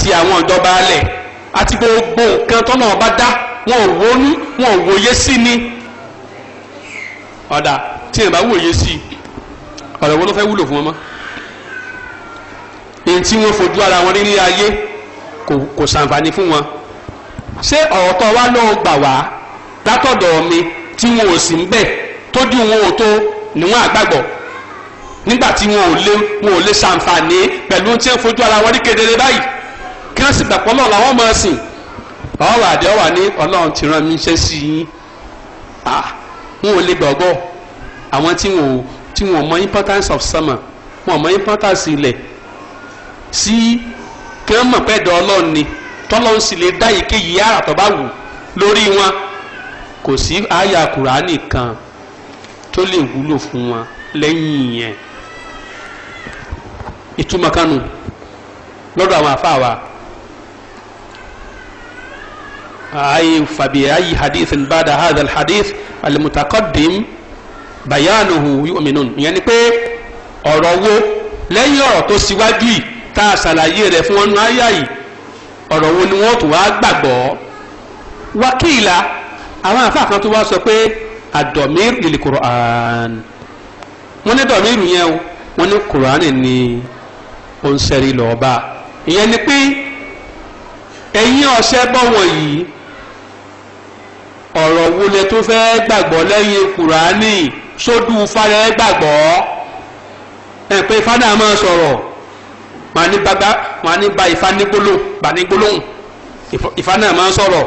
àti àwọn ìjọba alẹ̀ àti gbogbo nǹkan tọ́nà ọba dá wọn ò wónú wọn ò wòye sí ni ọ̀dà tí yẹn bá wòye sí ọ̀rọ̀ wo ló fẹ́ wúlò fún wọn mọ́ èyí tí wọ́n fojú ara wọn nílé ayé kò sàǹfààní fún wọn ṣé ọ̀rọ̀ tó wá lọ́ọ́ gbà wá látọ̀dọ̀ mi tí wọn ò sí ń bẹ̀ tójú wọn ò tó níwọ̀n àgbàgbọ́ nígbà tí wọn ò lè wọn ò lè sàǹfààní pẹ̀lú tí wọ́n fojú ara wọn ní kedere báyìí kí wọ́n sì gbà pọ́ lọ́wọ́ làwọn máa sìn ọ̀rọ̀ àdé ọ̀wà ní ọlọ́run ti rán mi ṣe sí yín wọn ò lè gbọ̀gbọ́ àwọn tí wọn ò tí wọn mọ importance of summer wọn mọ importance ilẹ̀ sí kí wọ́n mọ̀ pẹ́ dọ̀ ọlọ́run ni tọ́lọ́run sì lè dá èkéyìí àrà tó bá wù lórí wọn kò sí àyà kùránì kan tó lè wúlò fún wọn lẹ́yìn yẹn ìtumọ̀ kanu lọ́dọ̀ àwọn àfa أي فبأي حديث بعد هذا الحديث المتقدم بيانه يؤمنون يعني pé ọ̀rọ̀ wo lẹ́yìn ọ̀rọ̀ tó síwájú yìí tá a ṣàlàyé rẹ̀ fún ọnù àyà yìí ọ̀rọ̀ wo ni wọ́n tó wá gbàgbọ́ wákìlá àwọn àfa kan tó wá sọ pé àdọ̀mír lil Qur'an wọ́n ní dọ̀mír yẹn o wọ́n ní Qur'an ni ó ń sẹ́rí lọ́ọ́ bá ìyẹn ni pé ẹ̀yin ọ̀sẹ̀ bọ̀ wọ̀nyí wo lẹ tó fẹ́ gbàgbọ́ lẹ́yìn kùránì sódù falẹ̀ gbàgbọ́ ẹ pé fada máa sọ̀rọ̀ màá ní bàbá màá ní ba ìfa ní gbólóhùn bà ní gbólóhùn ìfa náà máa sọ̀rọ̀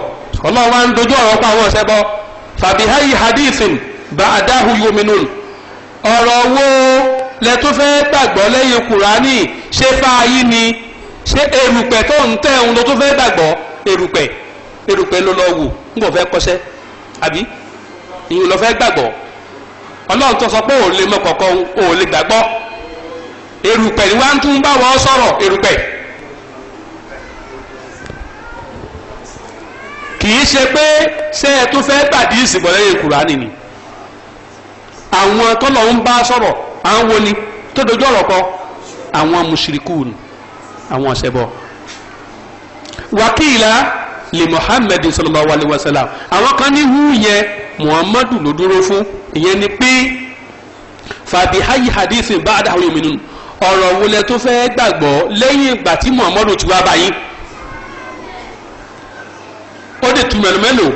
ọlọ́run wa ń dojú ọ̀rọ̀ pa àwọn ọ̀sẹ̀ bọ́ fàbíháyì hadithin bá adáhu yominun ọ̀rọ̀ wo lẹ tó fẹ́ gbàgbọ́ lẹ́yìn kùránì ṣé fáyí ni ṣé erùpẹ̀ tó ń tẹ̀ ń lọ tó fẹ́ gbàgbọ́ erùpẹ̀ erùpẹ̀ ló lọ wò ń bọ̀ fẹ́ kọ́sẹ́ àbí ìyẹn lọ fẹ́ gbàgbọ́ ọlọ́run tó sọ pé òun lè mọ kọ̀ọ̀kan òun lè gbàgbọ́ erùpẹ̀ ni wọ́n tún bá wọn sọ̀rọ̀ erùpẹ̀ kì í ṣe pé ṣé ẹ tún fẹ́ gbàdí ìsìnkú lẹ́yìn kùránì ni àwọn tọ́lọ̀ ń bá sọ̀rọ̀ àwọn wo ni tó dojú ọ̀rọ̀ kọ àwọn mùṣírikù ni àwọn ọ̀sẹ̀ bọ̀ wákìlá lè muhammed sallallahu alayhi wa sallam àwọn kan ní hu yẹn muhammadu ló dúró fún ìyẹn ni pé fàbí ayi hadithin bá adáhùn yìí ọ̀rọ̀ wo tó fẹ́ gbàgbọ́ lẹ́yìn ìgbà tí muhammadu ti wá báyìí ó dè tu mẹ́lò mẹ́lò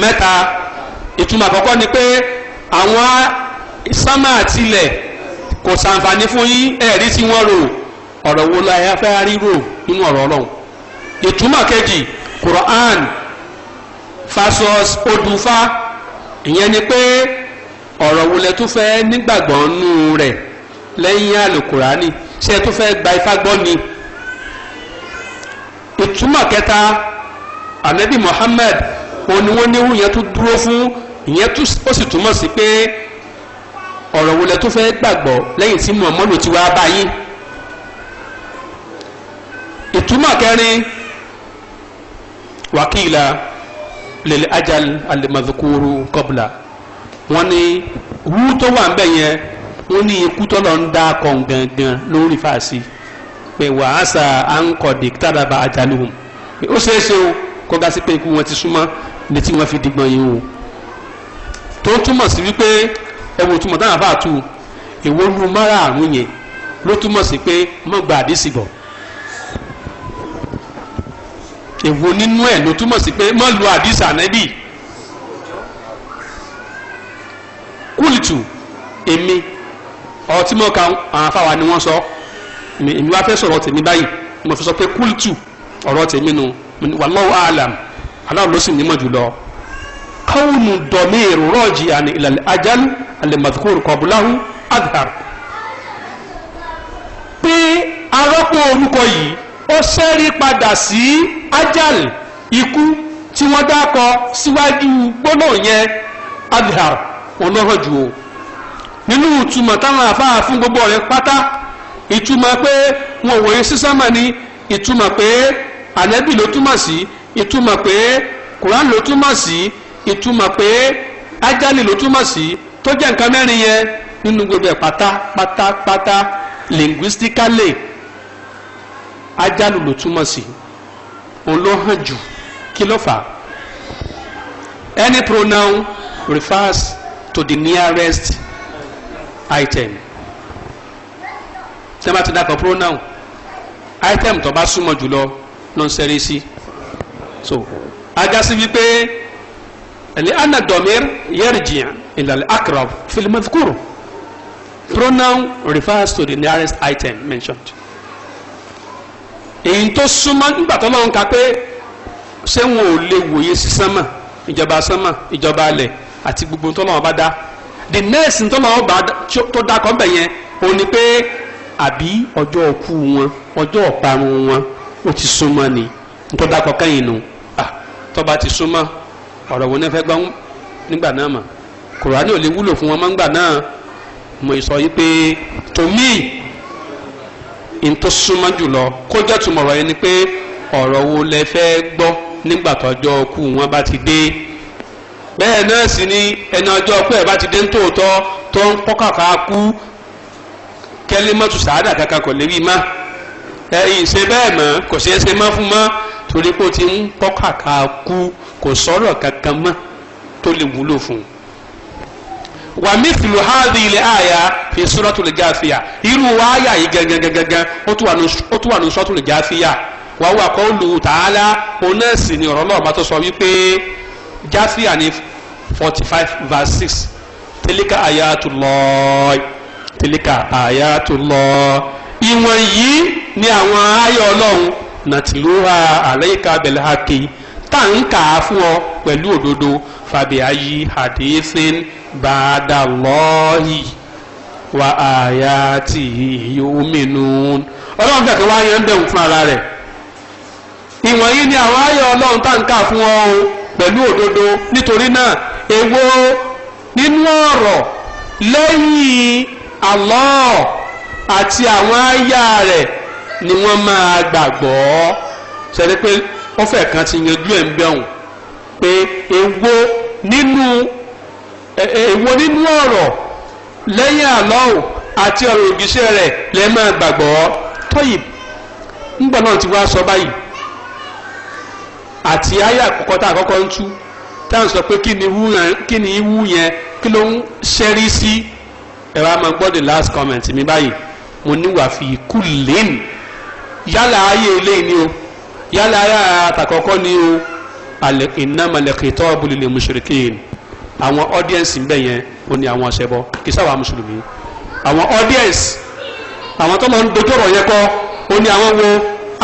mẹ́ta ìtumọ̀ àkọ́kọ́ ni pé àwọn sámà tilẹ̀ kò sàǹfààní fún yín ẹ̀rí tí wọ́n rò ọ̀rọ̀ wo la ẹ rò nínú ọ̀rọ̀ ọlọ́run ìtumọ̀ kejì Quran fasos odufa ìyẹn ni pé ọ̀rọ̀ wo lẹ tún fẹ́ nígbàgbọ́ nù rẹ̀ lẹ́yìn àlùkùránì ṣé ẹ fẹ́ gba ifá gbọ́ ni ìtumọ̀ kẹta anabi Muhammad òun ni wọ́n níwú yẹn tún dúró fún ìyẹn ó sì túmọ̀ sí pé ọ̀rọ̀ wo lẹ fẹ́ gbàgbọ́ lẹ́yìn tí Muhammadu ti wá báyìí ìtumọ̀ kẹrin wakila lèlè ajal alimadukuru kọbla wọn ni hu tó wà ń bẹ yẹn wọn ní ikú tó lọ ń dá kàn gangan lórí fàásì pé wàhásà à ń kọ dìkítàdàbà ajaluhum ó ṣeé ṣe o kó ga sí pé ikú wọn ti súnmọ́ létí wọn fi dìgbọn yìí o tó túmọ̀ sí wípé ẹwọ túmọ̀ táwọn àbá tu ìwọ́nú márààrún yẹn ló túmọ̀ sí pé mọ́gbà àdìsí bọ̀ èwo nínú ẹ̀ ló túmọ̀ sí pé má lu àdìsí ànábì kúlìtù èmi ọ̀rọ̀ tí mo ka àwọn afáwa ni wọ́n sọ èmi wá fẹ́ sọ̀rọ̀ tèmi báyìí mo fi sọ pé kúlìtù ọ̀rọ̀ tèmi nu wallahu a'lam aláwọ̀ ló sì nímọ̀ jùlọ kawunu dọ̀míìrù rọ́ọ̀jì àni ìlàlẹ̀ ajálù alẹ́mọ̀tòkòrò kọ̀bùláhù azhar pé arọ́pò orúkọ yìí ó ṣẹ́rí padà sí. Si, ajal ikú tí wọ́n dákọ síwájú gbọ́nà yẹn adhar wọn lọ́rọ̀ jù o nínú ìtumọ̀ táwọn afáà fún gbogbo rẹ̀ pátá ìtumọ̀ pé wọn ò wòye sísánmà ni ìtumọ̀ pé ànábì ló túmọ̀ sí ìtumọ̀ pé kuran ló túmọ̀ sí ìtumọ̀ pé ajali ló túmọ̀ sí tó jẹ́ nǹkan mẹ́rin yẹn nínú gbogbo ẹ̀ pátá pátá pátá linguistically ajali ló túmọ̀ sí olóhàn jù kí ló fà any pronoun refers to the nearest item tẹ́ bá ti dàpọ̀ pronoun item tó bá súnmọ́ jùlọ ló ń ṣẹ́rí sí so ajásí wípé ẹ̀lẹ́ anna domir yẹ́rìjìyàn ìlàlẹ́ akrab fil madhkur pronoun refers to the nearest item mentioned. èyí tó súnmọ́ nígbà tó lọ́n ka pé ṣé wọn ò lè wòye sí sánmà ìjọba sánmà ìjọba alẹ̀ àti gbogbo tó lọ́wọ́ bá dá the next tó lọ́wọ́ bá tó dá kọ́ bẹ̀ yẹn ó ní pé àbí ọjọ́ òkú wọn ọjọ́ ọ̀parun wọn ó ti súnmọ́ ni tó dá kọ́ kẹ́yìn nù tó bá ti súnmọ́ ọ̀rọ̀ wo ní fẹ́ gbọ́ nígbà náà mọ̀ kùránì ò lè wúlò fún wọn mọ́ nígbà náà mo sọ yí pé tòmíì. n tó súnmọ́ jùlọ kó jẹ́ tùmọ̀ ọ̀rọ̀ yẹn ni pé ọ̀rọ̀ wo lẹ fẹ́ gbọ́ nígbà tọ́jọ́ ọkù wọn bá ti dé bẹ́ẹ̀ náà sì ni ẹni ọjọ́ ọkù ẹ̀ bá ti dé nítòótọ́ tó ń kọ́ kàkà kú kẹ́lẹ́mọ́tò sàádà kankan kò lè má ẹ̀yìn ṣe bẹ́ẹ̀ mọ́ kò ṣeé ṣe mọ́ fún mọ́ torí pé ó ti ń kọ́ kú kò sọ̀rọ̀ kankan mọ́ tó lè wúlò fún un wà mísìlù háàdì ilẹ̀ àyà fi suratul Ghafiyah irú wáyà yìí gangan ó tún wà ní suratul Ghafiyah wà wà qawluhu ta'ala onẹ́sì ni ọ̀rọ̀ náà bá tó sọ wípé pe ní ni 45 verse six tilka ayatullah tilka ayatullah ìwọ̀n yìí ni àwọn ayọ̀ ọlọ́run nàtìlúhà àlẹ́yìká bẹ̀lẹ́hàkì tá à ń kà á fún ọ pẹ̀lú òdodo fàbíàyí hadithin ba'da Allahi wa ayatihi yu'minun ọlọ́run fẹ̀kẹ́ wá yẹn ń bẹ̀rù fún ara rẹ̀ ìwọ̀nyí ni àwọn ayọ̀ ọlọ́run tá ń fún ọ o pẹ̀lú òdodo nítorí náà èwo nínú ọ̀rọ̀ lẹ́yìn Allah àti àwọn aya rẹ̀ ni wọ́n máa gbàgbọ́ ṣẹlẹ̀ pé ó fẹ́ kan ti yanjú ẹ̀ ń bẹ̀rù pé èwo nínú èwo nínú ọ̀rọ̀ lẹ́yìn àlọ́ọ̀ àti ọ̀rọ̀ ògìṣẹ́ rẹ̀ lẹ́ máa gbàgbọ́ tọ́yì ńgbà náà ti wá sọ báyìí àti ayé àkọ́kọ́ tá àkọ́kọ́ ń tú tá à ń sọ pé kí ni ìwú yẹn kí ló ń ṣẹ́rí sí ẹ̀rọ àmọ́ gbọ́ the last comment mi báyìí mo níwà fi kú lẹ́nu yálà ayé eléyìí ni o yálà ayé àtàkọ́kọ́ ni o ìnámalẹ̀kẹ́tọ́ abúlé lè mú ṣèrékè yìí àwọn audience ńbẹ yẹn ó ní àwọn aṣẹbọ kì í sáwà mùsùlùmí àwọn audience àwọn tó lọ ń dojú ọ̀rọ̀ yẹn kọ́ ó ní àwọn wo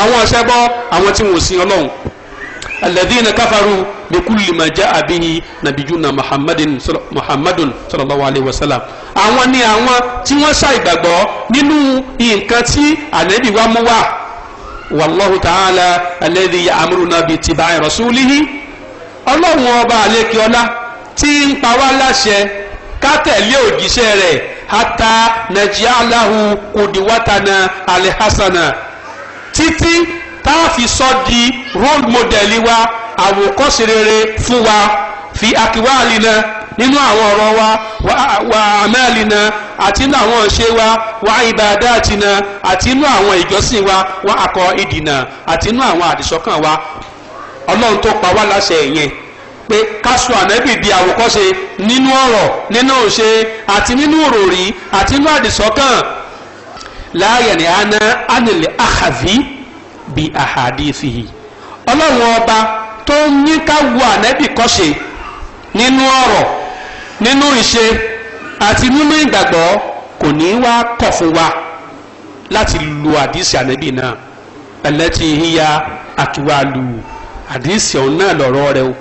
àwọn aṣẹbọ àwọn tí wọn ò sin ọlọ́run alladhina kafaru bi kulli ma ja'a bihi nabiyuna muhammadin muhammadun sallallahu alayhi wa sallam àwọn ni àwọn tí wọ́n ṣá ìgbàgbọ́ nínú nǹkan tí ànábì wa mú wá wallahu ta'ala alladhi ya'muruna bi tiba'i ọlọ́run ọba àlekè ọlá tí ń pa wá láṣẹ ká tẹ̀lé òjíṣẹ́ rẹ̀ hata nàìjíríà aláhu kùdìwátana alihasana títí tá a fi sọ di role model wa àwòkọ́ṣe rere fún wa fi akiwa alina nínú àwọn ọ̀rọ̀ wa wà àmẹ́lìna àti nínú àwọn ìṣe wa wà ìbàdà àtinà àti nínú àwọn ìjọsìn wa wà akọ ìdìnà àti nínú àwọn àdìsọ́kàn wa ọlọ́run tó pa wá láṣẹ yẹn pé káṣù ànábì di àwòkọ́ṣe nínú ọ̀rọ̀ nínú òṣe àti nínú òròrí àti nínú àdìsọ́kàn láàyè ní aná ánìlẹ̀ àhàfi bíi àhàdìsìhì ọlọ́run ọba tó ní ká wo ànábì kọ́ṣe nínú ọ̀rọ̀ nínú ìṣe àti nínú ìgbàgbọ́ kò ní wá kọ̀ fún wa láti lu àdìsí ànábì náà ẹlẹ́tì híya àkíwá àdìsí ọ̀hún náà lọ́rọ̀ rẹ o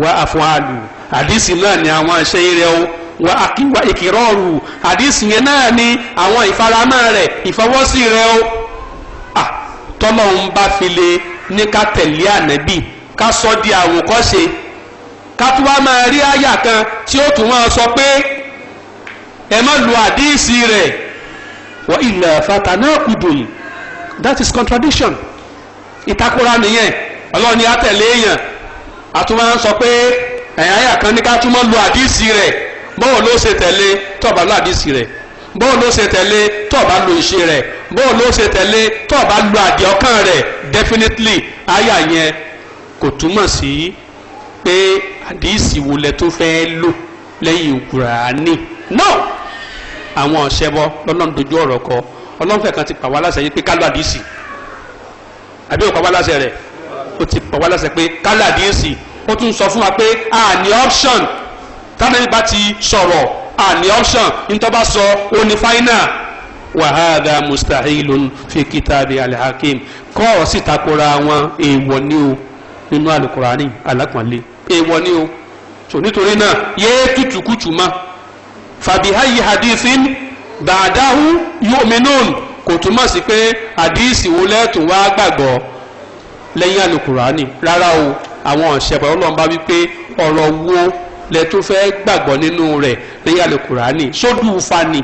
wá àfọ̀hálù àdìsí náà ni àwọn àṣẹ rẹ̀ o wá àkíwá ìkìrọ̀rù àdìsí yẹn náà ni àwọn ìfaramọ́ rẹ̀ ìfọwọ́sí rẹ̀ o à ah, tọ́lọ́hún bá fi ní ká tẹ̀lé ànábì ká sọ di àwòkọ́ṣe ká tún wá máa rí àyà kan tí ó tún máa sọ pé ẹ má lu àdìsí rẹ̀ wọ́n ilẹ̀ fatanakudun that is contradiction ìtakora nìyẹn ọlọ́run ni a tẹ̀lé àtúmọ̀ ń sọ pé ẹ̀yà ayà kan ní ká túmọ̀ lu àdìsí rẹ̀ bọ́ọ̀ ló ṣe tẹ̀lé tọ́ọ̀bá lu àdìsí rẹ̀ bọ́ọ̀ ló ṣe tẹ̀lé tọ́ọ̀bá lu ìṣe rẹ̀ bọ́ọ̀ ló ṣe tẹ̀lé tọ́ọ̀bá lu àdì ọkàn rẹ̀ definitely ayà yẹn kò túmọ̀ sí pé àdìsí wo lẹ tó fẹ́ lò lẹ́yìn kùránì no àwọn ọ̀ṣẹ́bọ lọ́nà dojú ọ̀rọ̀ kọ ọlọ́fẹ́ kan ti pàwọ́ aláṣẹ yìí pé ká lu àdìsí àbí òpàwọ́ aláṣẹ rẹ̀ ó ti pọ̀ wá lẹ́sẹ̀ pé kálá àdíyèsí ó tún sọ fún wa pé a option tánàbí bá ti sọ̀rọ̀ a option nítorí bá sọ ó fáínà wàhálà mustahilun fi kitabi alhakim kọ́ọ̀rọ̀ sì takora wọn èèwọ̀ ni o nínú alukurani alápọ̀nlé èèwọ̀ ni o so nítorí náà yéé tutukutu ma fabihayi hadithin bàdáhu yu'minun kò túmọ̀ sí pé hadisi wo lẹ́tùn wá gbàgbọ́ lẹ́yìn àlùkùránì rárá o àwọn ọ̀sẹ̀pẹ̀ ọlọ́run bá wípé ọ̀rọ̀ wo lẹ tó fẹ́ gbàgbọ́ nínú rẹ̀ lẹ́yìn àlùkùránì sódù ufa ni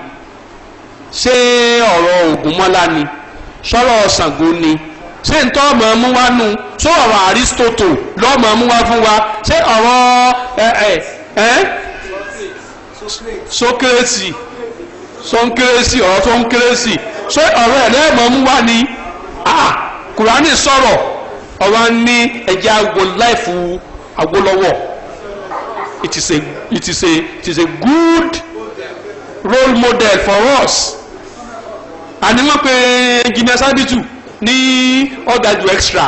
ṣé ọ̀rọ̀ ògúnmọ́lá ni sọ́rọ̀ ṣàngó ni ṣé ntọ́ ọmọ mú wá nu ṣé ọ̀rọ̀ àrísítótò lọ́mọ mú wá fún wa ṣé ọ̀rọ̀ ẹ ẹ ẹ sókèrèsì sókèrèsì ọ̀rọ̀ tó ṣé ọ̀rọ̀ ẹ̀ lẹ́ẹ̀mọ́ mú wá ni ah kùránì sọ̀rọ̀ ọwọ́ ní ẹ̀jẹ̀ àgbo láìfù Awólọ́wọ̀ it is a it is a it is a good role model for us àní wọ́n pe engineer sábìtù ní ọ̀gájú extra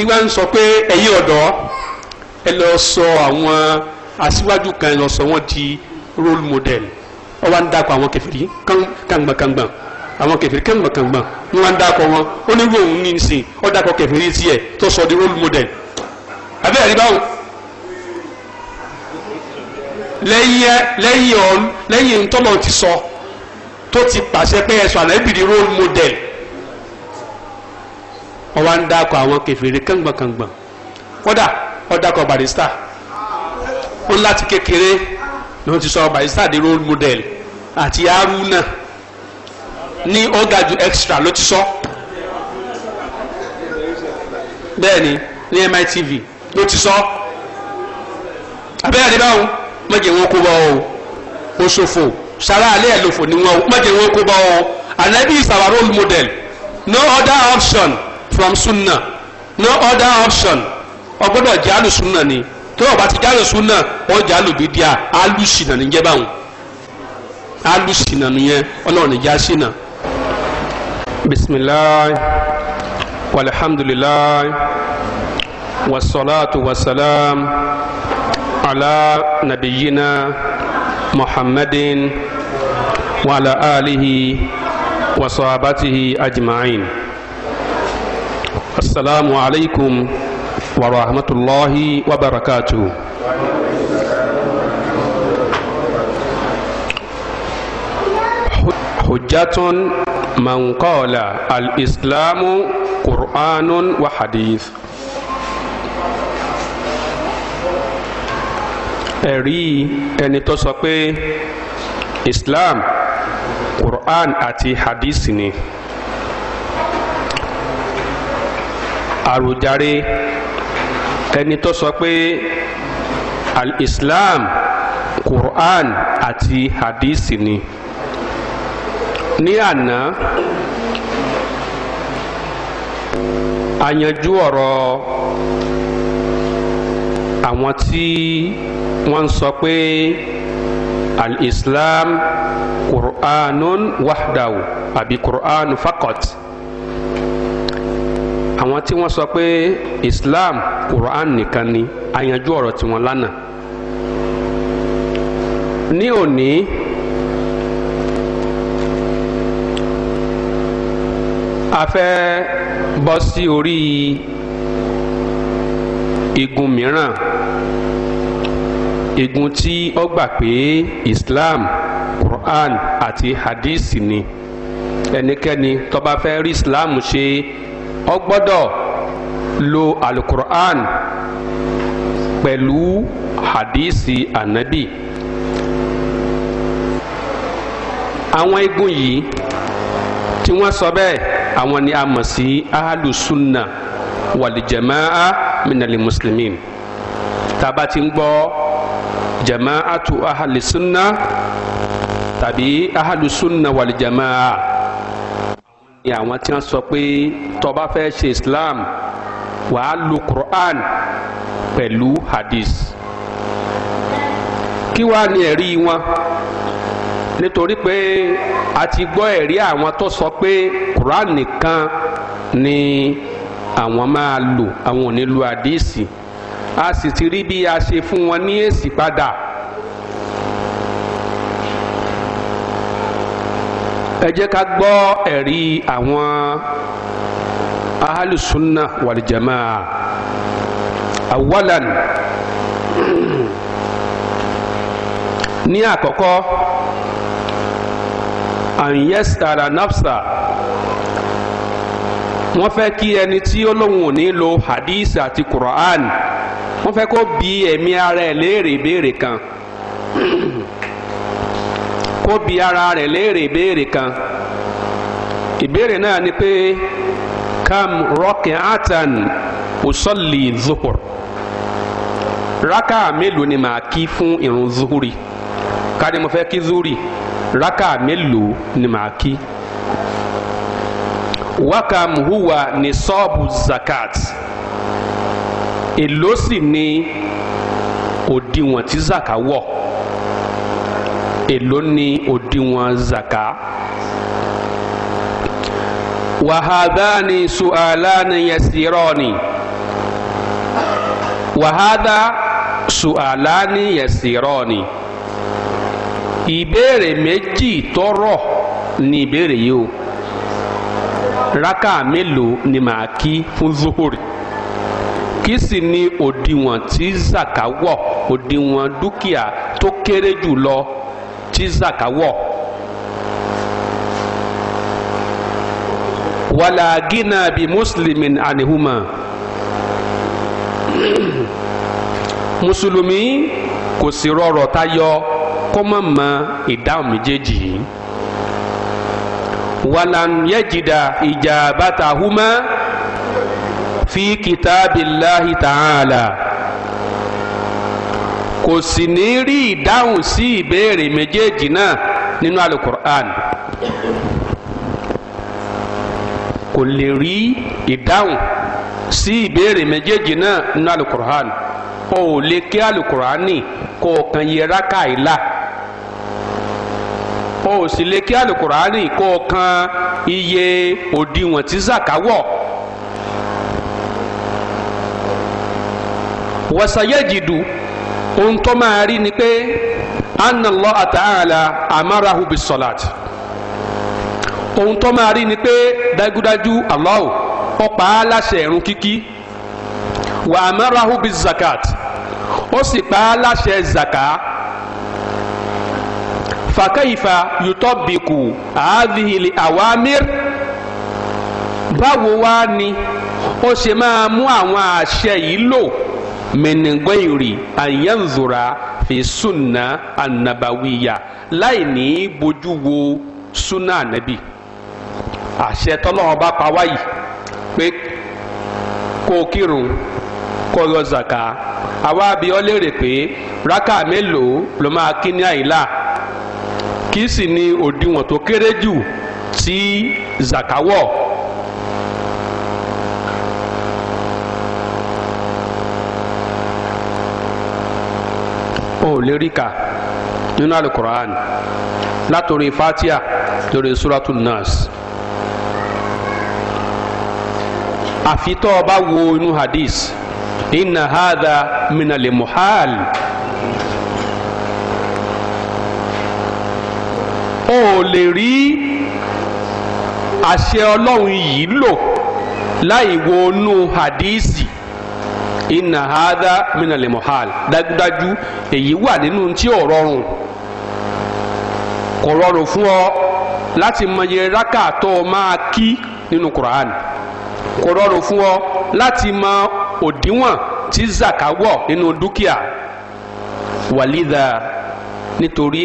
ìgbà ń sọ pé ẹ̀yin ọ̀dọ́ ẹ lọ sọ àwọn aṣíwájú kan ẹ lọ sọ wọ́n di role model ọwọ́ ń dàpọ̀ àwọn kẹfìrí kàngbọ̀n kàngbọ̀n àwọn kẹfìrí kẹmọkàngbọn ni wọn dákọ wọn ó ní wíwòun ní nsìn ó dákọ kẹfìrí tiẹ̀ tó sọ di old model abẹ́ ẹ̀rí báwo lẹ́yìn ọ̀n lẹ́yìn ntọ́lọ̀ ti sọ tó ti pàṣẹ pé ẹ̀sọ́ àlẹ́bìrì role model wọ́n wá ń dákọ̀ àwọn kẹfìrí kàngbọ̀nkàngbọ̀n kódà wọ́n dákọ̀ barista wọ́n láti kékeré ni wọ́n ti sọ barista di role model àti Haruna ní ó ga ju extra ló ti sọ bẹ́ẹ̀ ni ní MITV ló ti sọ abẹ́rẹ́ báwo mọ̀jẹ̀ wọn kó bá ọ o ṣòfò sara alẹ́ ẹ̀ lòfò ni wọn o mọ̀jẹ̀ wọn kó bá ọ anabi is our role model no other option from sunna no other option ọgbọ́dọ̀ jẹ́ Sunna ni tó o bá ti jẹ́ alùsùnà ni jẹ́ alùbídíà alùsìnà níjẹ́ báwọn alùsìnà nìyẹn ọlọ́run ìjà sínà. بسم الله والحمد لله والصلاة والسلام على نبينا محمد وعلى آله وصحابته أجمعين السلام عليكم ورحمة الله وبركاته حجة man qala الإسلام islamu وحديث. wa hadith ẹ̀rí ẹni tó sọ pé islam quran àti hadith ni àròjàre ẹni tó sọ pé al-islam quran àti hadith ni ní àná a yanjú ọ̀rọ̀ àwọn tí wọ́n ń sọ pé al-islam qur'anun wahdaw àbí qur'an fakot àwọn tí wọ́n sọ pé islam qur'an nìkan ni a yanjú ọ̀rọ̀ tiwọn lánàá ní òní. a fẹ́ bọ́ sí orí igun mìíràn igun tí ó gbà pé Islam Quran àti hadith ni ẹnikẹ́ni tó fẹ́ rí Islam ṣe ó gbọ́dọ̀ lo alukur'an pẹ̀lú hadisi anabi àwọn igun yìí tí wọ́n sọ bẹ́ẹ̀ àwọn ni a mọ̀ sí ahalusunna wàlìjẹ̀máà minali muslimin tàbá ti ń gbọ́ jamaatu ahalusunna tàbí ahalusunna wàlìjẹ̀máà ni àwọn tí wọ́n sọ pé tó fẹ́ ṣe islam wàá lu quran pẹ̀lú hadith kí wàá ní ẹ̀rí wọn nítorí pé a ti gbọ́ ẹ̀rí àwọn tó sọ pé Quran nìkan ni àwọn máa lò àwọn ò ní lo àdíìsì a sì ti rí bí a ṣe fún wọn ní èsì padà. ẹ jẹ́ ká gbọ́ ẹ̀rí àwọn ahalùsùnà wàlìjàmá awalan ní àkọ́kọ́ àyẹ́sítara nafsa wọ́n fẹ́ kí ẹni tí ó lóun ò ní lo hadith àti quran wọ́n fẹ́ kó bi ẹ̀mí ara ẹ̀ léèrè ìbéèrè kan kó bi ara rẹ̀ léèrè ìbéèrè kan ìbéèrè náà ni pé kam rak'atan usalli zuhur raka mélòó ni màá kí fún irun zuhuri ká mo fẹ́ kí zuhuri rákà mélòó ni màá kí wákàm huwa ní sọ́ọ̀bù zakat èló sì ni òdiwọ̀n tí zaka wọ̀ èló ni òdiwọ̀n zaka wàhádàní su'àlàní yẹsìrọ́ọ̀nì wàhádà su'àlàní yẹsìrọ́ọ̀nì ìbéèrè méjì tọrọ ni ìbéèrè yìí o raka mélòó ni màá kí fún zuhuri kí sì ni òdiwọ̀n tí zaka wọ̀ òdiwọ̀n dúkìá tó kéré jù tí zaka wọ̀. wala gina bi muslimin anihuma mùsùlùmí kò sì rọrọ̀ tayọ kó má mọ ìdáhùn méjèèjì yìí walam yajida ijabatahuma fi kitabillahi ta'ala kò sì ní rí ìdáhùn sí ìbéèrè méjèèjì náà nínú alukur'an kò lè rí ìdáhùn sí ìbéèrè méjèèjì náà nínú alukur'an o ò lè kí alukur'ani kó o kan yẹra káìlá. o ò sì lè kí alukurani kó o kan iye òdiwọ̀n tí zaka wọ̀. wasayajidu ohun tó máa rí ni pé annalọ àtàlà amarahu bisolat ohun tó máa rí ni pé dájúdájú Allah ó pa á láṣẹ ẹ̀rùn kíkí wa amarahu bizakat ó sì pa á láṣẹ zakat fàkàyìfà yutọ́bìkù àádìhìlì àwámír báwo ni ó ṣe máa mu àwọn àṣẹ yìí lò mẹnìgbẹ́yìrì àyẹ̀nzùrà fìsùnà ànàbàwìyà láì ní bójú suna súnà ànábì àṣẹ tọ́lọ́wọ́ o ọ lérè pé rákà kí sì ni òdiwọ̀n tó kéré jù tí zakawọ̀ ó lè rí kà nínú alukur'an látòrí fatia lórí suratul nas àfitọ́ ọba wo inú hadith inna hadha minale muhal. o lè rí àṣẹ ọlọ́run yìí lò láì wo inú hadísì inna hadha minal muhal dájúdájú èyí wà nínú tí ò rọrùn kò rọrùn fún ọ láti mọye rákà tó o máa kí nínú Qur'an kò rọrùn fún ọ láti mọ òdiwọ̀n tí zaka nínú dúkìá wàlídà nítorí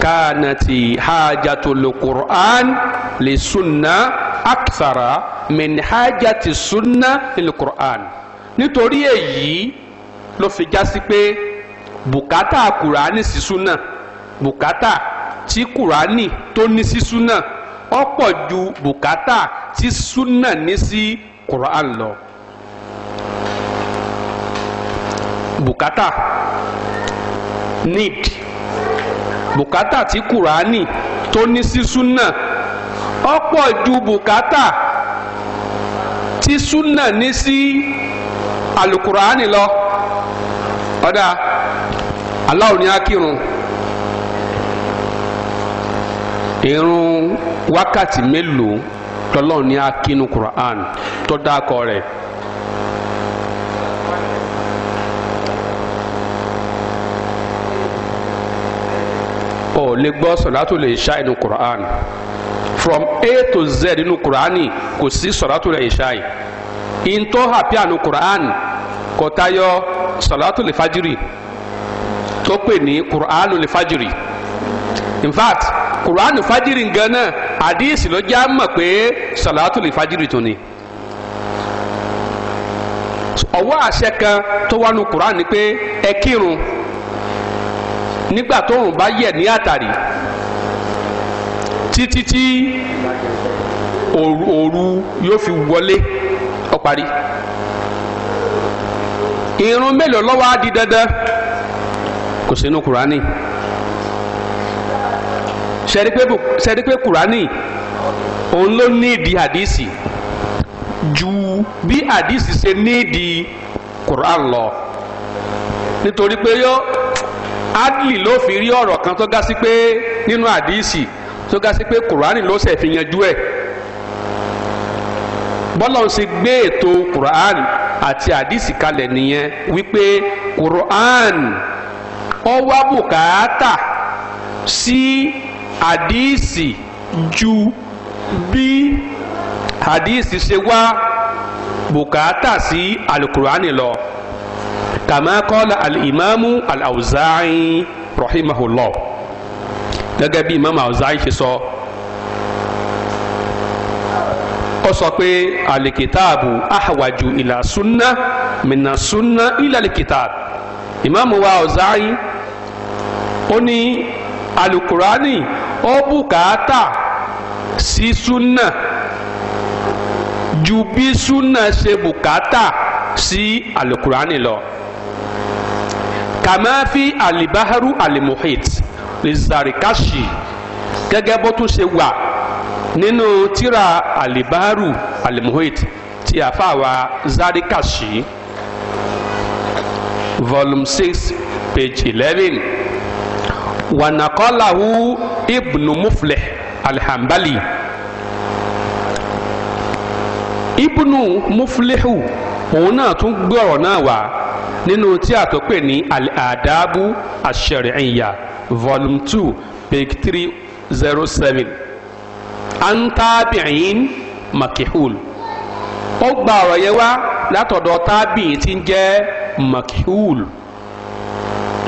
kanati hajatul qur'an li sunna akthara min hajati sunna lil qur'an nítorí èyí ló fi já sí pé bùkátà kùránì sí súnà bùkátà tí kùránì tó ní sí súnà ó pọ̀ ju bùkátà tí súnà ní sí kùránì lọ. bùkátà need bùkátà tí kùránì tó ní sí súnà ọ̀pọ̀ ju bùkátà tí súnà ní sí alukùránì lọ ọ̀dà Allah ni a kírun irun wákàtí mélòó lọ́lọ́run ni a kínú Qur'an tó dákọ̀ rẹ̀. o lè gbọ́ sọ̀látò lè ṣá inú Quran from A to Z inú Quran kò sí sọ̀látò lè ṣá yìí ntọ́ àpí àánú Quran kò tayọ sọ̀látò lè fajiri tó pè ní Quran lè fajiri in fact Quran fajiri ganan àdíyèsí ló já mọ̀ pé sọ̀látò lè fajiri tó ni ọwọ́ àṣẹ kan tó wà nù Quran ni pé ẹ kírun nígbà tóòrùn bá yẹ̀ ní àtàrí títí tí òru yóò fi wọlé ó parí irun mélòó ló wà di dandan kò sínú kùránì sẹ́rí pé kùránì òun ló ní ìdí hadisi ju bí hadisi ṣe ní ìdí kùránì lọ nítorí pé yóò hardly ló fi rí ọ̀rọ̀ kan tó ga sí pé nínú àdìsí tó ga sí pé kùránì ló ṣẹ̀ fi yanjú ẹ̀ bọ́lá ń ṣe gbé ètò kùránì àti àdìsí kalẹ̀ nìyẹn wípé kùránì ó wá bùkátà sí àdìsí ju bí àdìsí ṣe wá bùkátà sí alukurani lọ kàmá kọ́lá al-imamu al-awza'i rahimahullah gẹ́gẹ́ bí imam al-awza'i ṣe sọ ó sọ pé alikitaabu ahwaju ila sunna mina sunna ila alikitaab imam wa al-awza'i ó ní alukurani ó bùkátà sí sunna ju bí sunna ṣe bùkátà sí alukurani lọ kàmáfi alibaharu alimuhit lizarikashi gẹ́gẹ́ bó tún ṣe wà nínú tírà alibaharu alimuhit ti àfàwà zarikashi volume six page eleven wanakolahu ibnu mufleh alhambali ibnu muflehu òun náà tún gbé ọ̀rọ̀ náà wá nínú tí a tó pè ní àdábù àṣẹrìíyà volume two page three zero seven O makihul ó gba ọ̀rọ̀ yẹn wá látọ̀dọ̀ tábìyìn tí ń jẹ́ makihul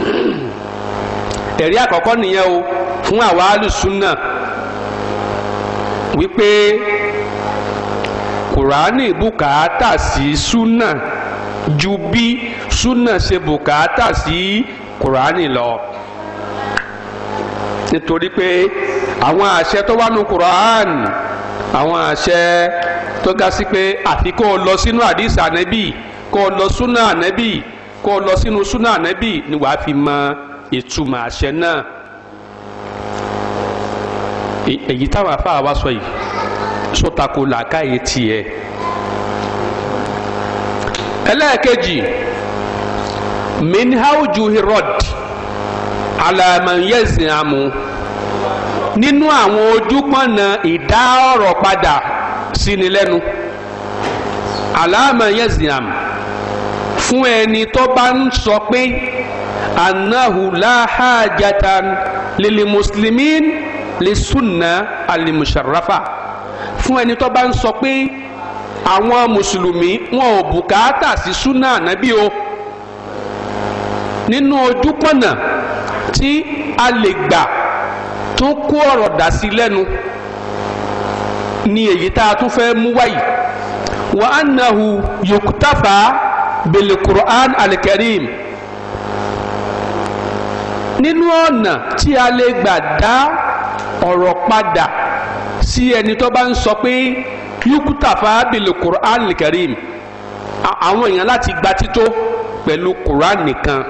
ẹ̀rí àkọ́kọ́ nìyẹn o fún àwa alùsùnà wípé kùránì bùkátà sí súnà. Si ju bí súnà ṣe bùkátà sí kùránì lọ nítorí pé àwọn àṣẹ tó wà nù kùránì àwọn àṣẹ tó ga sí pé àfi kó o lọ sínú àdìsá ànẹ́bì kó o lọ súnà ànẹ́bì kó o lọ sínú súnà ànẹ́bì ni wàá fi mọ ìtumọ̀ àṣẹ náà èyí táwọn afáà wá sọ yìí sótakò làákàyè tiẹ̀ ẹlẹ́ẹ̀kejì minhauju hirod alamanyesin amu nínú àwọn ojúpọ̀nà ìdá ọ̀rọ̀ padà síni lẹ́nu alamanyesin amu fún ẹni tó bá ń sọ pé anahu lahajata lili muslimin lisunna alimusharrafa fún ẹni tó bá ń sọ pé. àwọn mùsùlùmí wọn ò bùkátà sí súnà ànábì o nínú ojúpọ̀nà tí a lè gbà tó kó ọ̀rọ̀ dà sí lẹ́nu ni èyí tá a tún fẹ́ mú wáyìí wa annahu yuktafa bil qur'an al karim nínú ọ̀nà tí a lè gbà dá ọ̀rọ̀ padà sí ẹni tó bá ń sọ pé yukutafa bil Qur'an karim àwọn èèyàn láti gba tító pẹ̀lú Qur'an nìkan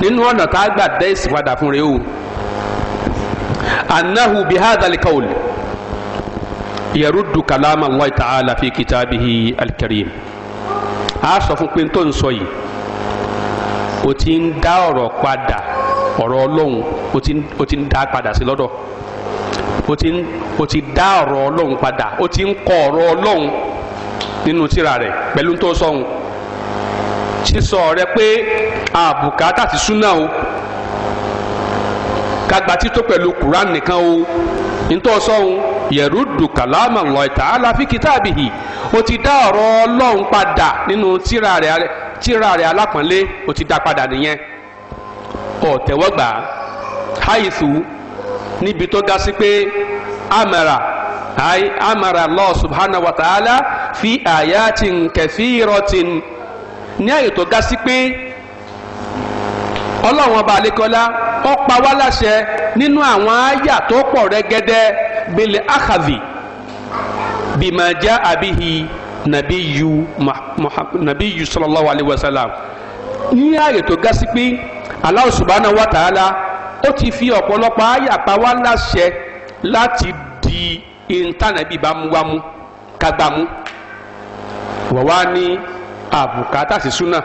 nínú ọ̀nà tá a gbà dá èsì padà fún rèé o anahu bihadha alqawl yaruddu kalama Allah ta'ala fi kitabihi alkarim a sọ fún pé n tó ń sọ yìí o ti ń dá ọ̀rọ̀ padà ọ̀rọ̀ ọlọ́run o ti ń dá padà sí lọ́dọ̀ o ti o ti dá ọ̀rọ̀ ọlọ́run padà o ti ń kọ ọ̀rọ̀ ọlọ́run nínú tírà rẹ̀ pẹ̀lú tó sọ̀hún sísọ rẹ pé àbùkátà ti súná o kagbà tító pẹ̀lú Quran nìkan o nítọ́ sọ̀hún yẹ̀rúdù kàlámà Allah ta'ala fi kitabihi o ti dá ọ̀rọ̀ ọlọ́run padà nínú tírà rẹ̀ tírà rẹ̀ alápọ̀nlé o ti dá padà nìyẹn ọ̀tẹ̀wọ́gbà háyìsù níbi tó ga sí pé amara ayi amara Allah subhanahu wa ta'ala fi ayatin kathiratin ní àyè tó ga sí pé ọlọ́run ọba àlekọ́lá ó pa wá láṣẹ nínú àwọn àyà tó pọ̀ rẹ́gẹ́dẹ́ bil akhadhi bima ja'a bihi nabiyu nabiyu sallallahu alayhi wa sallam ní àyè tó ga sí pé Allah subhanahu wa ó ti fi ọ̀pọ̀lọpọ̀ àyà pa wá láṣẹ láti di ìntànàbí bámúwámú kágbámú wọ́n wá ní àbùkátà sí súnà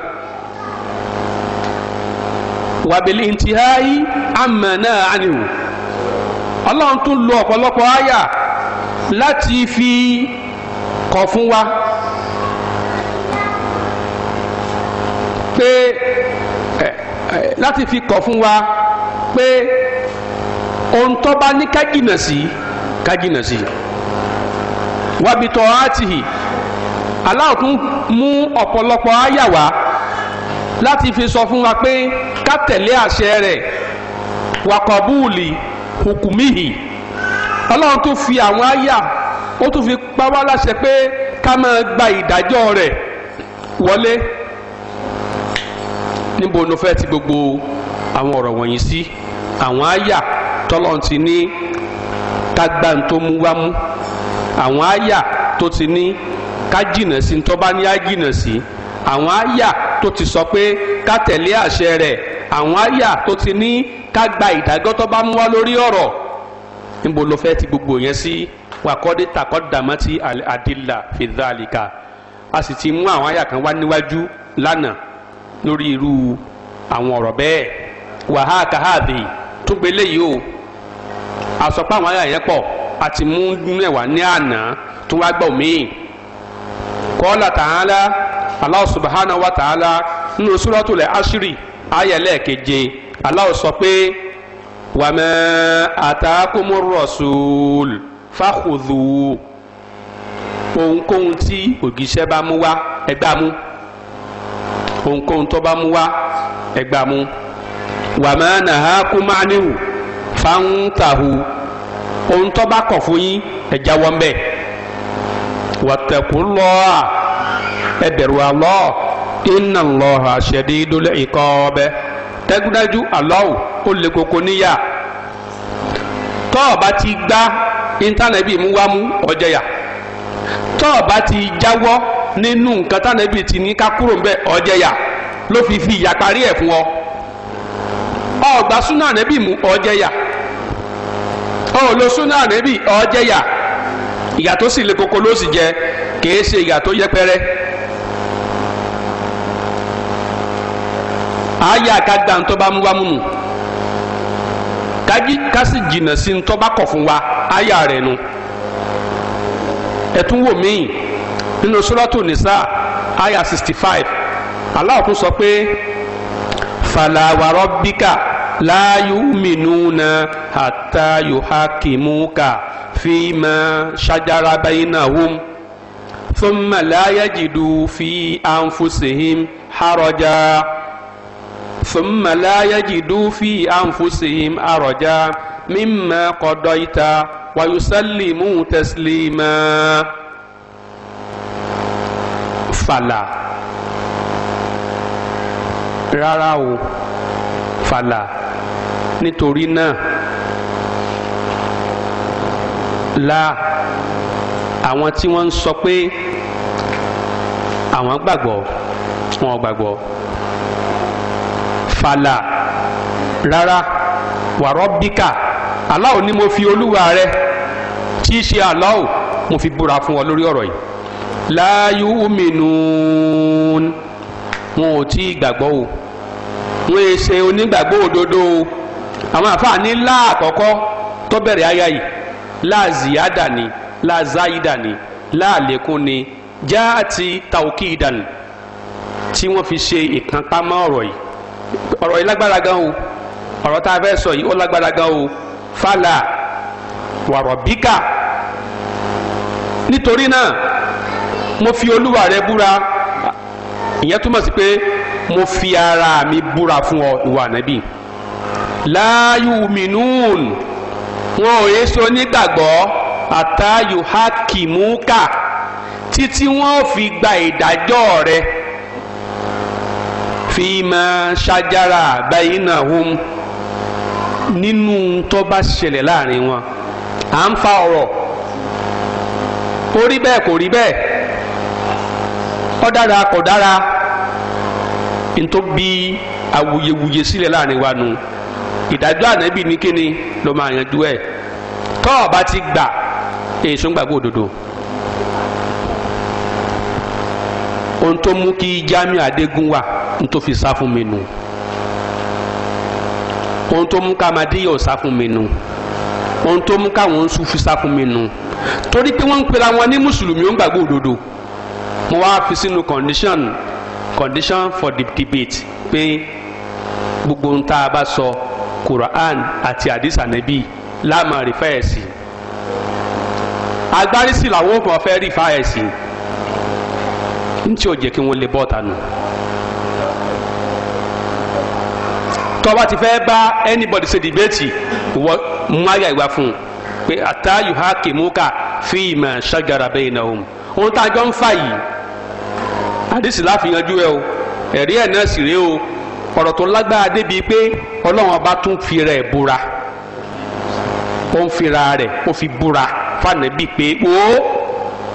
wàbẹ̀lì ntìháyí àmàna ànihù ọlọ́run tún lo ọ̀pọ̀lọpọ̀ àyà láti fi kọ̀ fún wa pé láti fi kọ̀ fún wa pé ohun tó bá ní ká jìnà sí ká jìnà sí wàbí tọ́ àtìhì Allah tún mú ọ̀pọ̀lọpọ̀ àyà wá láti fi sọ fún wa pé ká tẹ̀lé àṣẹ rẹ̀ wàkọ̀bùlì hukumihi Allah tún fi àwọn àyà ó tún fi pa láṣẹ pé ká máa gba ìdájọ́ rẹ̀ wọlé níbo ló fẹ́ ti gbogbo àwọn ọ̀rọ̀ wọ̀nyí sí àwọn àyà tọ́lọ́n ti ní kágbáǹ tó mú wá mú àwọn àyà tó ti ní ká jìnà sí tó bá ní á jìnà sí àwọn àyà tó ti sọ pé ká tẹ̀lé àṣẹ rẹ̀ àwọn àyà tó ti ní ká gba ìdájọ́ tó mú wá lórí ọ̀rọ̀ níbo ló fẹ́ ti gbogbo yẹn sí wàkọ́dé takọ́dàmọ́tì àdìlà fìdálìkà a sì ti mú àwọn àyà kan wá níwájú lánàá lórí irú àwọn ọ̀rọ̀ bẹ́ẹ̀ wàhá Kahadi, tó gbélé yìí o àsọpá àwọn ayé yẹn pọ̀ àti mú mẹ́wàá ní àná tó wá gbọ́ míì kọ́lá tààlà Allah subhanahu wa ta'ala nínú suratul ashiri ayẹlẹ́ keje Allah sọ pé wàmẹ́ atakumur rasul fakhudhu ohunkóhun tí ògìṣẹ́ bá mú wá ẹgbàá mú ohunkóhun tó bá mú wá ẹgbàá mú. wàmà nàhákùm ànihù fáńtàhù ohun tó bá kọ̀ fún yín ẹ jáwọ́ ńbẹ̀ wattaqullaha ẹ bẹ̀rù Allah inna Allaha shadidul iqab le koko níyà tọ́ọ̀bá ti gbá íńtánẹ́bì mú wá mú ọjẹ́yà tọ́ọ̀bá ti ti ní ká kúrò ọ. ọgbà súnà ànẹ́bì mú ọjẹ́yà ọlọ súnà ànẹ́bì ọjẹ́yà ìyà tó sì le koko ló sì jẹ kìí ṣe ìyà tó yẹpẹrẹ. àyà ká gba ntọ́ba mú wa mú mu ká sì jìnnà sí wa àyà rẹ̀ nu ẹ̀tún wò míì nínú sọ́lọ́tò àyà sixty five aláwọ̀ sọ لا يؤمنون حتى يحاكموك فيما شجر بينهم ثم لا يجدوا في أنفسهم حرجا ثم لا يجدوا في أنفسهم حرجا مما قضيت ويسلموا تسليما فلا رأوا فلا nítorí náà la àwọn tí wọ́n ń sọ pé àwọn gbàgbọ́ wọn gbàgbọ́ fàlà rárá wàrọ́ bíkà aláwo ni mo fi olúwa rẹ tí í ṣe aláwo mo fi búra fún ọ lórí ọ̀rọ̀ yìí láyú mìnún wọn ò tí ì gbàgbọ́ o wọn èsè onígbàgbọ́ òdodo o àwọn àfààní láà àkọ́kọ́ tó bẹ̀rẹ̀ àyà yìí láà ni láà zaida ni láà lékún ni já àti tawkidan tí wọ́n fi ṣe ìkànpamọ́ ọ̀rọ̀ yìí ọ̀rọ̀ yìí lágbára gan o ọ̀rọ̀ tá a fẹ́ sọ yìí ó lágbára gan o fàlà wàrọ̀bíkà nítorí náà mo fi olúwa rẹ búra ìyẹn túmọ̀ sí pé mo fi ara mi búra fún ọ ìwà nàbí láyùmínún wọn ò yé so nígbàgbọ́ àtàyù hakimuka títí wọn ò fi gba ìdájọ́ rẹ̀ fíìmà ṣàjára bainahum nínú tó bá ṣẹlẹ̀ láàrin wọn à ń fa ọ̀rọ̀ ó rí bẹ́ẹ̀ kò rí bẹ́ẹ̀ ó dára kò dára n tó bí awuyewuye sílẹ̀ láàrin wa nù. No ìdájọ́ ànábì ní kíni ló máa yanjú ẹ̀ tọ́ ọ bá ti gbà èso ń gbàgbọ́ òdodo ohun tó mú kí Jamiu Adégún wà ohun tó fi sá fún mi nù ohun tó mú ká Amadiyya ò sá fún mi nù ohun tó mú káwọn ń Sufi sá fún mi nù torí pé wọ́n ń pera wọn ní mùsùlùmí ó ń gbàgbọ́ òdodo mo wá fi sínú condition condition for the debate pé gbogbo ohun tá a bá sọ. So, quran àti hadith anabi láàmú rìfá ẹ̀ sí agbárísì làwọn ò mọ̀ fẹ́ rìfá ẹ̀ sí ntí ò jẹ́ kí wọ́n lè bọ́ tanu tọ́ba ti fẹ́ bá anybody ṣe debate wọ́n mú àyà ìwà fún un pé àtá yuha kèmúkà fi ìmọ̀ ṣàgàrà bẹ́ẹ̀ náà òun ohun tá a jọ ń fà yìí àdìsí láfi yanjú ẹ o ẹ̀rí ẹ̀ náà sì rèé o ọ̀rọ̀ tó lágbára débi pé ọlọ́run ọba tún fi rẹ̀ búra ó ń fira rẹ̀ ó fi búra fànẹ́bí pé ó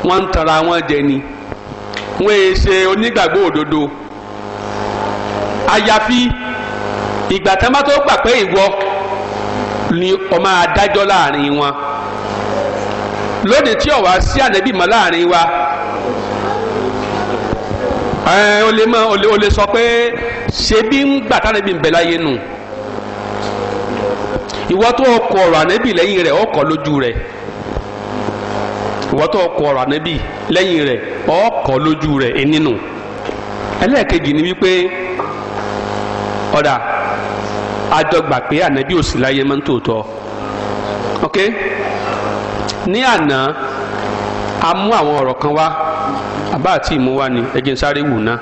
wọ́n ń tara wọn jẹ ni wọ́n èé e ṣe onígbàgbọ́ òdodo àyàfi ìgbà tí wọ́n bá tó gbà pé ìwọ ni ó máa dájọ́ láàrin wọn lónìí tí ó wà sí ànẹ́bí mọ́ láàrin wa ẹ o lè sọ pé sebi ń gbà tánàbí ń bẹ láyé nu ìwọ tó ọkọ ọ̀rọ̀ anabi lẹ́yìn rẹ ọkọ lójú rẹ ìwọ tó ọkọ ọ̀rọ̀ ànẹ́bì lẹ́yìn rẹ̀ ọkọ̀ lójú rẹ̀ ẹnínú ẹlẹ́ẹ̀kejì ni wípé ọ̀dà adọ́gba pé ànẹ́bì ò sí láyé mọ́ nítòótọ́ ok ní àná a mú àwọn ọ̀rọ̀ kan wá àbá àti ìmú wa ni ẹ̀jẹ̀ sáré wù náà.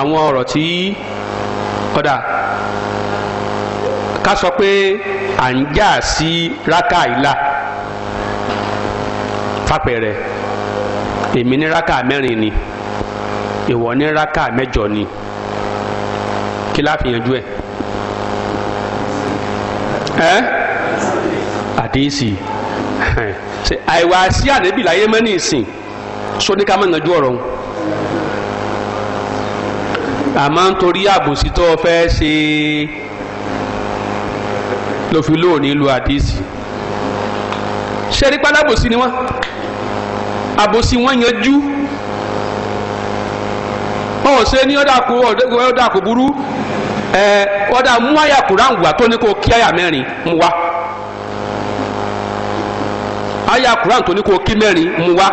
àwọn ọ̀rọ̀ tí ọ̀dà ká sọ pé à ń jà sí rákà ìlà fàpẹ̀rẹ̀ èmi ní rákà mẹ́rin ni ìwọ ní rákà mẹ́jọ ni kí láfi yanjú ẹ̀ ẹ́ àdéhìsì ṣe àìwá sí àdébìláyé mọ́ ìsìn sódíkà mọ́ ìyanjú àmọ́ nítorí àbòsí tó o fẹ́ ṣe ló fi lóòní lu àdìsí ṣe rí padà àbòsí ni wọ́n àbòsí wọ́n yanjú wọn ò ṣe ní ọ̀dà kú ọ̀dà kú burú ọ̀dà mú àyà kúrán wà tó ní kó kí àyà mẹ́rin mú wá àyà kúrán tó ní kó kí mẹ́rin mú wá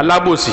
alábòsí.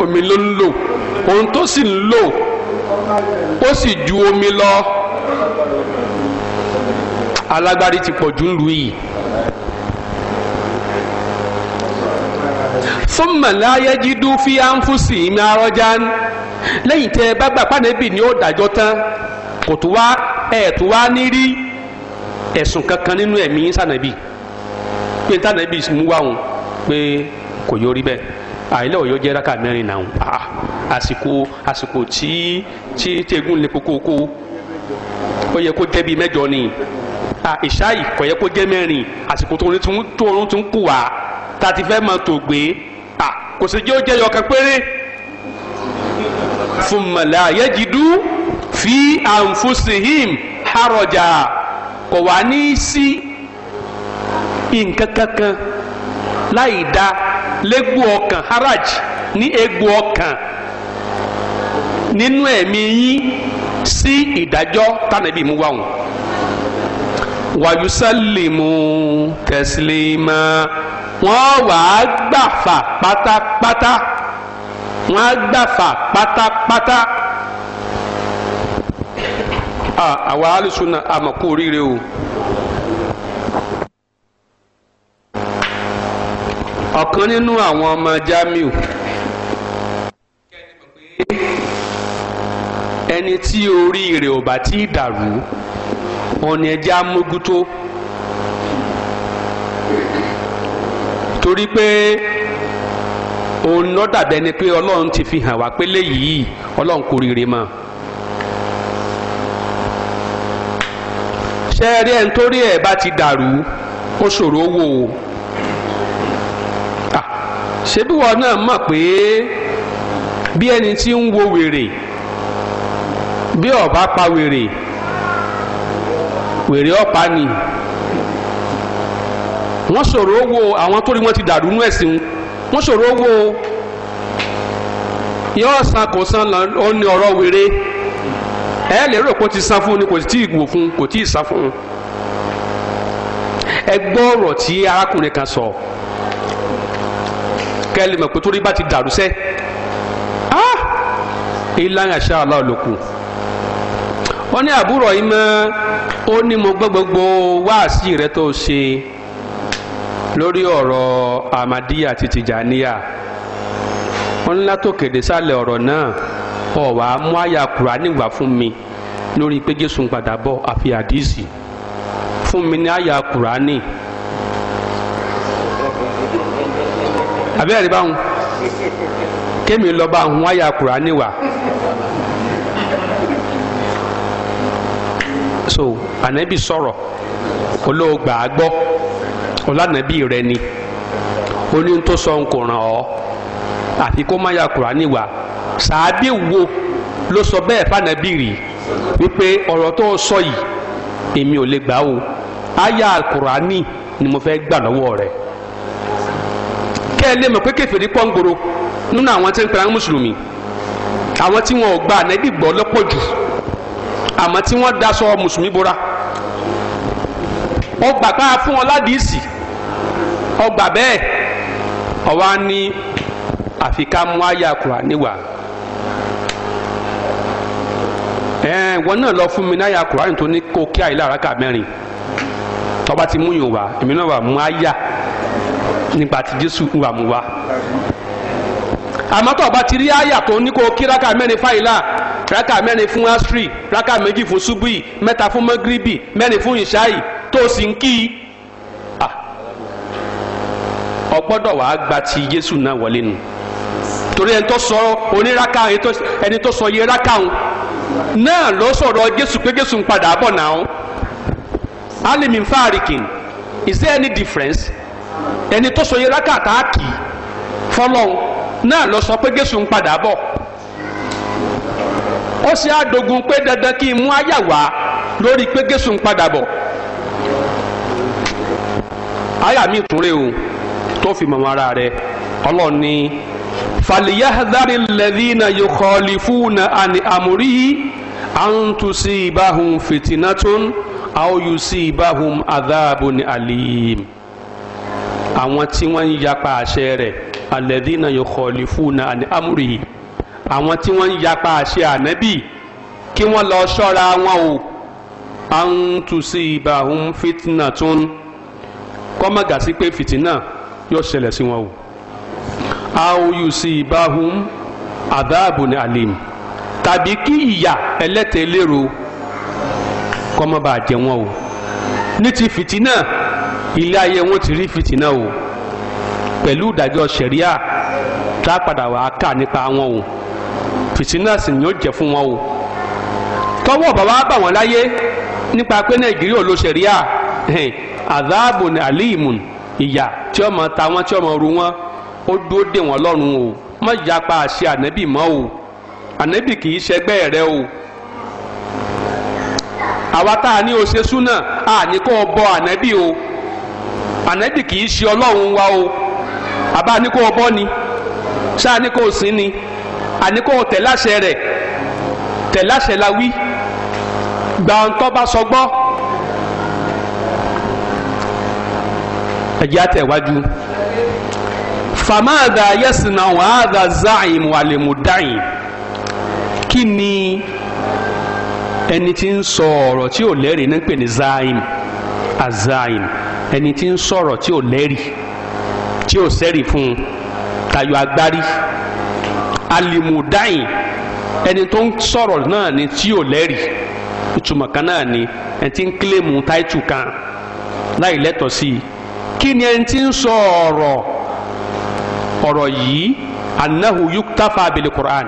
omi ló ń lò ohun tó sì ń lò ó sì ju omi lọ alágbárí ti pọ̀ jù ń yìí. thumma la yajidu fi anfusihim harajan lẹ́yìn tẹ́ bá gbà pàdébì ni ó dájọ́ tán kò tó wá ẹ̀ tó wá ní ẹ̀sùn kankan nínú ẹ̀mí sànàbí. pé tànàbí mú wá wọn pé kò yọrí bẹ́ẹ̀ àìlẹ́ ọ̀yọ́ jẹ́ rákà mẹ́rin náà ah, àsìkò àsìkò tí tí tẹ́gùn lè kókókó ó yẹ kó jẹ́ bíi mẹ́jọ ni ah, ìṣáì kò yẹ kó jẹ́ mẹ́rin àsìkò tó oorun ti ń kù wá tá a ti fẹ́ máa tò gbé ah, kò sì jẹ́ ó jẹ́ yọkàn péré fún mọ̀lá yẹ́jìdú fi àǹfùsìhìm hàrọ̀jà kò wá ní sí nǹkan kankan láì dá légbò ọkàn haraj ní egbò ọkàn nínú ẹ̀mí yín sí ìdájọ́ tánàbí mú wá wọn wàyúsálìmù tẹ̀sílímà wọ́n wàá gbàfà pátápátá wọ́n á gbàfà pátápátá àwa alùsùn náà àmọ̀kú oríire o. ọ̀kan nínú àwọn ọmọ Jamiu ẹni tí orí rẹ̀ ò bá tí ì dàrú ọ̀nà ẹja mógútó torí pé òun ló dàbẹ́ ni pé Ọlọ́run ti fi hàn wá pé léyìí Ọlọ́run kò rire mọ́ ṣẹ́ẹ́rẹ́ ẹ̀ ń torí ẹ̀ bá ti dàrú ó ṣòro wò ó. ṣebí wọn náà mọ̀ pé bí ẹni tí ń wo wèrè bí ọba pa wèrè wèrè ọ̀pá ni won soro owo àwọn tó rí wọn ti dàrú nú won soro owo wo yọ san kò san ó ní ọrọ wèrè ẹ lérò pé ó ti san fún ni kò tí ì wò fún kò tí ì san fún ẹ gbọ́ ọ̀rọ̀ tí arákùnrin kan sọ. So kẹ́lẹ́ mọ̀ pé torí bá ti dàrú sẹ́ ìlànà àṣà aláòlòkù wọ́n ní àbúrò yìí mọ́ ó ní mo gbọ́ gbogbo wáàsí rẹ tó ṣe lórí ọ̀rọ̀ Ahmadiyya àti Tijaniya wọ́n ní látòkèdè sálẹ̀ ọ̀rọ̀ náà ọ̀wà mú àyà kura nígbà fún mi lórí pé Jésù ń padà bọ̀ àfi àdìsí fún mi ní àyà Kùránì. àbẹ́rẹ́ báwọn kémi lọ bá àwọn àyà kùránì wà. so ànábì sọ̀rọ̀ olóògbà àgbọ́ rẹ ni oní tó sọ ń kò ràn ọ́ àfi kó má ya wà sàábí wo ló sọ bẹ́ẹ̀ fànàbì rì wípé ọ̀rọ̀ tó sọ yìí èmi ò lè gbà o àyà kẹ́ ẹ lè mọ̀ pé kèfèrí pọ́ngoro nínú àwọn tí ń pera mùsùlùmí àwọn tí wọn ò gba ànábì gbọ́ lọ́pọ̀ jù àmọ́ tí wọ́n daṣọ mùsùlùmí bora ó gbà pa fún wọn ládìísì ó gbà bẹ́ẹ̀ ó wá ní àfi ká mú àyà Kùránì wá wọn náà lọ fún mi náà ya Kùránì tó ní kó kí àyè lára kà mẹ́rin tó ti mú yòówá èmi náà wà mú àyà nígbà tí jésù wà mú wa àmọ́ tó ti rí àyà tó ní kó kíraka mẹ́rin fáìlà raka mẹ́rin fún asri raka méjì fún subui mẹ́ta fún magribi mẹ́rin fún ìṣáì tó o sì ń kí i o gbọ́dọ̀ wàá gba ti Jésù náà wọlé nu torí ẹni tó sọ oníraka ẹni tó sọ iye raka òun náà ló sọ̀rọ̀ Jésù pé Jésù ń padà bọ̀ náà alimi fáàrìkìn is there any difference? ẹni tó so yẹ rákàtà kì í fọlọ́hún náà lọ sọ pé Jésù ń padà bọ̀ ó sì àdógún pé dandan kí n mú àyà wá lórí pé Jésù ń padà bọ̀ àyà mi tún rè o tó fi mọ̀mọ́ ara rẹ̀ ọlọ́run ní fàlìyàhádárì lẹ́dínà yòkọ́lìfúnà àní àmúríyí àǹtùsí ìbáhùn fìtínátún àóyùsí ìbáhùn àdáàbùn àlìyìm àwọn tí wọ́n ń yapa àṣẹ rẹ̀ alladhina yukhalifuna an amrihi àwọn tí wọ́n ń yapa àṣẹ ànábì kí wọ́n lọ ṣọ́ra wọn o an tusibahum fitnatun kọ́mọ̀gà sí pé fìtínà yóò ṣẹlẹ̀ sí wọn o aw yusibahum adhabun alim tàbí kí ìyà ẹlẹ́tẹ̀ẹ́lérò kọ́mọ̀bà jẹ wọn o ní ti fìtínà ilé ayé wọn ti rí fìtínà o pẹ̀lú ìdájọ́ ṣẹ̀ríà tá a padà wàá kà nípa wọn o fìtínà sì ni ó jẹ́ fún wọn o tọ́wọ́ bàbá bà wọ́n láyé nípa pé nàìjíríà ò lo ṣẹ̀ríà àdáàbò ní àlíìmù ìyà tí ó máa ta wọn tí ó máa ru wọn ó dúró dè wọ́n lọ́rùn o má yapa àṣẹ ànábì mọ́ o ànábì kì í ṣẹgbẹ́ rẹ o àwa tá a ní o ṣe súnà a ní kó o bọ ànábì o ànábì kì í ṣe ọlọ́run wa o àbá ní kó o bọ́ ni ṣáà ní kó o sìn ni àní kó o tẹ̀láṣẹ rẹ̀ tẹ̀láṣẹ la wí gba bá sọ gbọ́ ẹ̀jẹ̀ àtẹ̀wájú fàmáàdà yẹ́sìnà wàhádà záìm wàlèmùdáìm kí ni ẹni tí ń sọ ọ̀rọ̀ tí ò lẹ́rìí ní pè ní záìm azáìm ẹni tí ń sọ̀rọ̀ tí ò lẹ́rì tí ò sẹ́rì fún un tayọ agbárí alimudain ẹni tó ń sọ̀rọ̀ náà ni tí ò lẹ́rì ìtumọ̀ kan náà ni ẹni tí ń kílèmù táìtù kan láì lẹ́tọ̀ọ́ sí i kí ni ẹni tí ń sọ ọ̀rọ̀ ọ̀rọ̀ yìí anahu yuktafa bil quran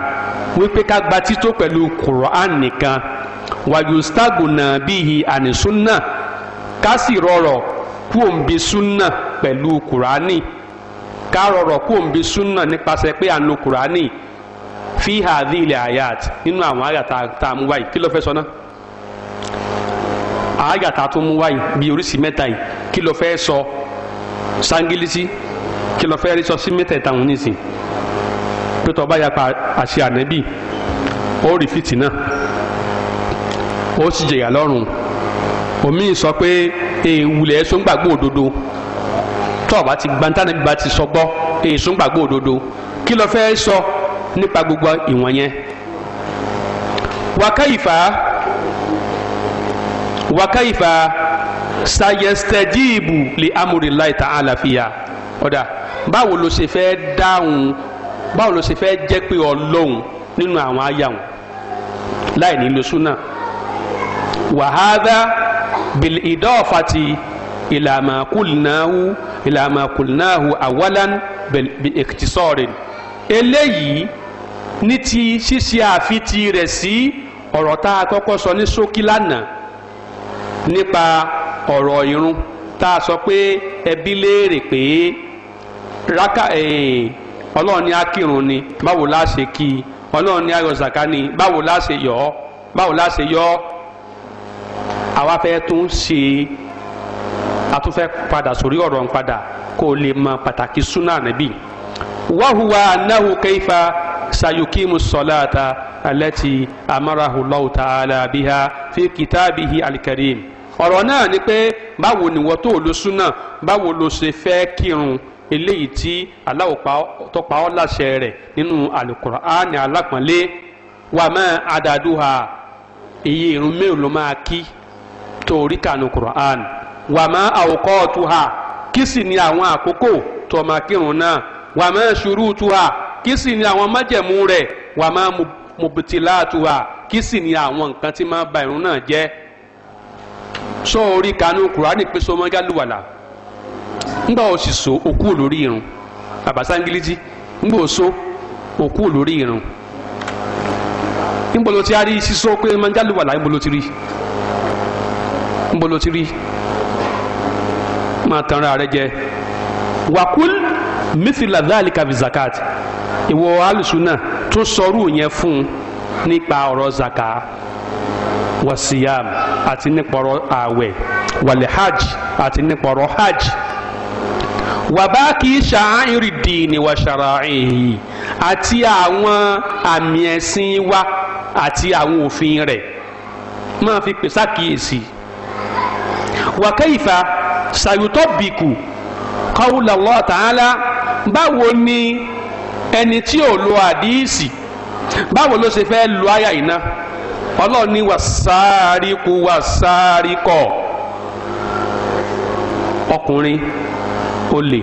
wípé ká gba tító pẹ̀lú quran nìkan wàyùsítàgùnà bíi ànísúnà ká sì kúò suna bi súnà pẹ̀lú kùránì ká rọrọ̀ kúò bi pé kùránì fi ilẹ̀ ayat nínú àwọn àyàtà tá a mú wáyé kí ló fẹ́ sọ náà tó mú wáyé kí ló fẹ́ sọ sangilisi kí ló fẹ́ sọ sí nísìn yapa ó omi sọ pé èèwùlẹ̀ sọ́ngbàgbọ́ òdodo tọ́ọ̀bá ti gbantánà bíbá ti sọ gbọ́ èè sọ́ngbàgbọ́ òdodo kí ló fẹ́ sọ nípa gbogbo ìwọ̀n yẹn wàkàyìfà wàkàyìfà sayẹsitẹjiibu li amurilayi ta'ala fiya ọ̀dà báwo ló ṣe fẹ́ dáhùn báwo ló ṣe fẹ́ jẹ́ pé ọlọ́hun nínú àwọn àyà wọn láì nílò súnà wàhálà bil idafati ila ma kulnahu ila ma kulnahu awalan bi ikhtisarin eléyìí ní ti ṣíṣe àfitì rẹ̀ sí ọ̀rọ̀ tá a kọ́kọ́ sọ ní ṣókí lánàá nípa ọ̀rọ̀ irun tá a sọ pé ẹbí léèrè pé raka ọlọ́run ní akírun ni báwo la kí ọlọ́run ayọ̀ zaka ni báwo la yọ báwo la yọ àwa fẹ́ tún ṣe àtúnfẹ́ padà sórí ọ̀rọ̀ ń padà kó lè mọ pàtàkì súnà níbí wàhùwà anáhù kẹfà sayukimu sọláta alẹ́tì amarahu Allahu ta'ala biha fi kìtàbíhi alikarim ọ̀rọ̀ náà ni pé báwo ni wọ́n tó lo súnà báwo lo ṣe fẹ́ kírun eléyìí tí Allah ọ́ láṣẹ rẹ̀ nínú Al-Qur'ani alápọ̀nlé wàmẹ́ àdàdúhà iye ìrun mélòó máa kí torí kanu Qur'an wàmà awqatuha kí sì ni àwọn àkókò tọmọ kírun náà wàmà shurutuha kí sì ni àwọn májẹ̀mú rẹ̀ wàmà mubtilatuha kí sì ni àwọn nǹkan tí máa ba irun náà jẹ́ sọ orí kanu Qur'an pé sọmọ gálùwàlà ńgbà òsì so òkú lórí irun babasangiliti ńgbà òso òkú lórí irun ńgbà ló ti rí sísọ pé mọ́ngálùwàlà ńgbà ló ti rí. níbo ló ti rí máa tanra rẹ jẹ wàkúl mísìlá dhalika fi zakat ìwọ alùsùnà tún sọrú yẹn fún nípa ọ̀rọ̀ zaka wasiyam àti nípa ọ̀rọ̀ ààwẹ̀ wàlẹ̀ hajj àti nípa ọ̀rọ̀ hajj wàbáàkì ṣàáìrì dìínì wà ṣàráìhì àti àwọn àmì ẹ̀sìn wa àti àwọn òfin rẹ̀ máa fi pèsè àkíyèsí wa kaifa sayutabiku qawla Allah ta'ala báwo ni ẹni tí ò lo àdíìsì báwo ló ṣe fẹ́ lo àyà iná ọlọ́run ní wàsáríkù wàsáríkọ̀ ọkùnrin olè